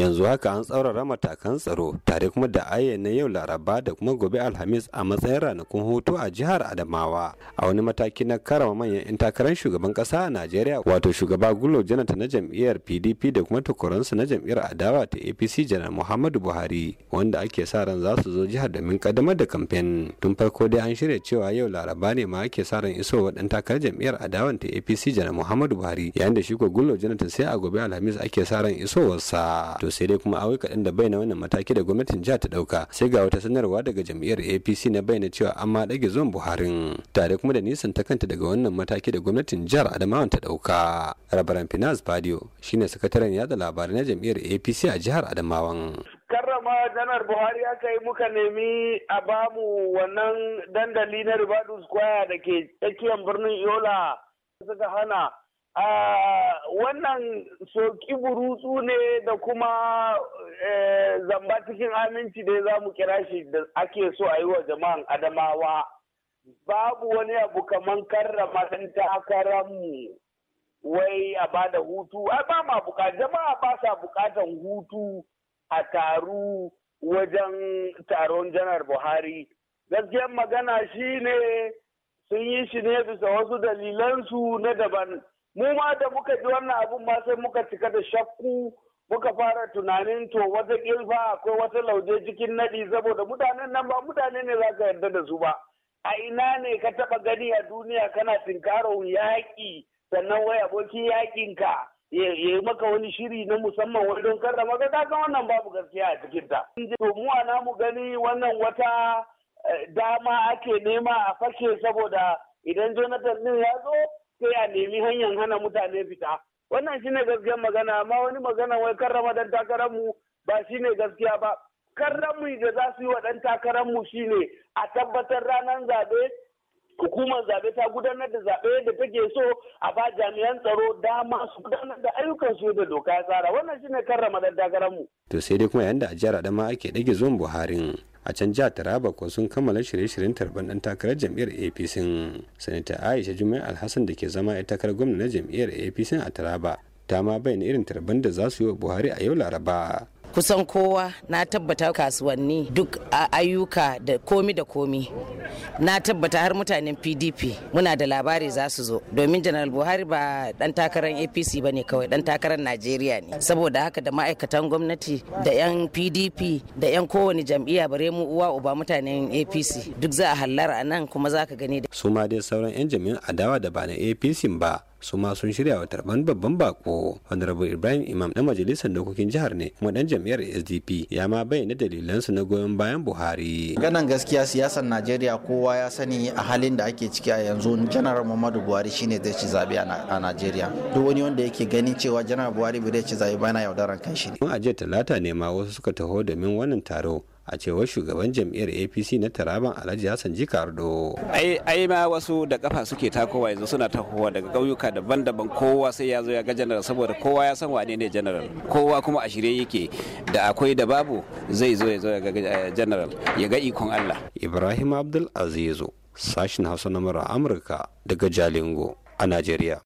yanzu haka an tsaurara matakan tsaro tare kuma da ayyana yau laraba da kuma gobe alhamis a matsayin ranakun hutu a jihar adamawa a wani mataki na karama manyan 'yan takarar shugaban kasa a najeriya wato shugaba gulo janata na jam'iyyar pdp da kuma takwaransa na jam'iyyar adawa ta apc janar muhammadu buhari wanda ake sa ran za su zo jihar domin kaddamar da kamfen tun farko dai an shirya cewa yau laraba ne ma ake sa ran iso dan takarar jam'iyyar adawan ta apc janar muhammadu buhari yayin da shi ko gulo janata sai a gobe alhamis ake sa ran isowarsa to sai dai kuma awai kaɗan da bayyana wannan mataki da gwamnatin jiha ta ɗauka sai ga wata sanarwa daga jam'iyyar apc na bayyana cewa an ma ɗage zuwan buharin tare kuma da nisan ta kanta daga wannan mataki da gwamnatin jihar adamawan ta ɗauka rabaran finas badio shine sakataren yada labarai na jam'iyyar apc a jihar adamawan karrama janar buhari aka yi muka nemi a bamu wannan dandali na ribadu square da ke tsakiyar birnin yola suka hana wannan soki burutsu ne da kuma e, zamba cikin aminci da za mu kira shi da ake so a yi wa jama'an adamawa babu wani abu kaman karrama ɗan takararmu wai a ba da hutu ai ba ma bukata jama'a ba sa bukatan hutu a taru wajen taron janar buhari gaskiyar magana shi ne sun yi shi ne bisa wasu dalilansu na daban mu ma da muka ji wannan abin ma sai muka cika da shakku muka fara tunanin to wata ilfa akwai wata lauje cikin nadi saboda mutanen nan ba mutane ne za ka yarda da su ba a ina ne ka taba gani a duniya kana tinkaron yaƙi sannan wai abokin ka ya yi maka wani shiri na musamman wani? don karrama ta ga wannan babu gaskiya a cikin ta to mu a mu gani wannan wata eh, dama ake nema a fashe saboda idan Jonathan din ya zo sai a nemi hanyar hana mutane fita wannan shine gaskiyar magana amma wani magana wai kan ramadan takarar mu ba shine gaskiya ba karranmu da za su yi wa ɗan takararmu shine a tabbatar ranar zaɓe hukumar zaɓe ta gudanar da zaɓe da take so a ba jami'an tsaro dama su gudanar da ayyukan su da doka ya tsara wannan shine karrama ɗan takararmu. to sai dai kuma yanda a jihar adama ake ɗage zuwan buharin a can jihar taraba ko sun kammala shirye-shiryen tarban dan takarar jam'iyyar apc sanata aisha jumai alhassan da ke zama ya takarar gwamna na jam'iyyar apc a taraba ta ma bayyana irin tarban da za su yi wa buhari a yau laraba kusan kowa na tabbata kasuwanni duk a ayyuka da komi da komi na tabbata har mutanen pdp muna da labari za su zo domin janar buhari ba dan takarar apc ba ne kawai dan takarar najeriya ne saboda haka da ma'aikatan gwamnati da yan pdp da yan kowane jam'iyya bare mu uwa uba mutanen apc duk za a hallara a nan kuma za ka gani da su ma dai sauran yan jami'an adawa da ba na apc ba su ma sun shirya wa tarban babban bako honorable ibrahim imam na majalisar dokokin jihar ne kuma dan jam'iyyar sdp ya ma bayyana dalilansu na goyon bayan buhari ganan gaskiya siyasar najeriya kowa ya sani a halin da ake ciki a yanzu janar muhammadu buhari shine zai ci zabe a najeriya duk wani wanda yake ganin cewa janar buhari bai ci zabe ba yana yaudaran kan shi ne a jiya talata ne ma wasu suka taho domin wannan taro a cewar shugaban jam'iyyar apc na taraban alhaji hassan jikardo ai ma wasu da kafa suke takowa yanzu suna takowa daga ƙauyuka daban-daban kowa sai ya zo ya ga general saboda kowa ya san wane ne general kowa kuma a shirye yake da akwai da babu zai zo ya zo ya ga eh, general ya ga ikon allah ibrahim abdul azizu sashin hausa na amurka daga jalingo a najeriya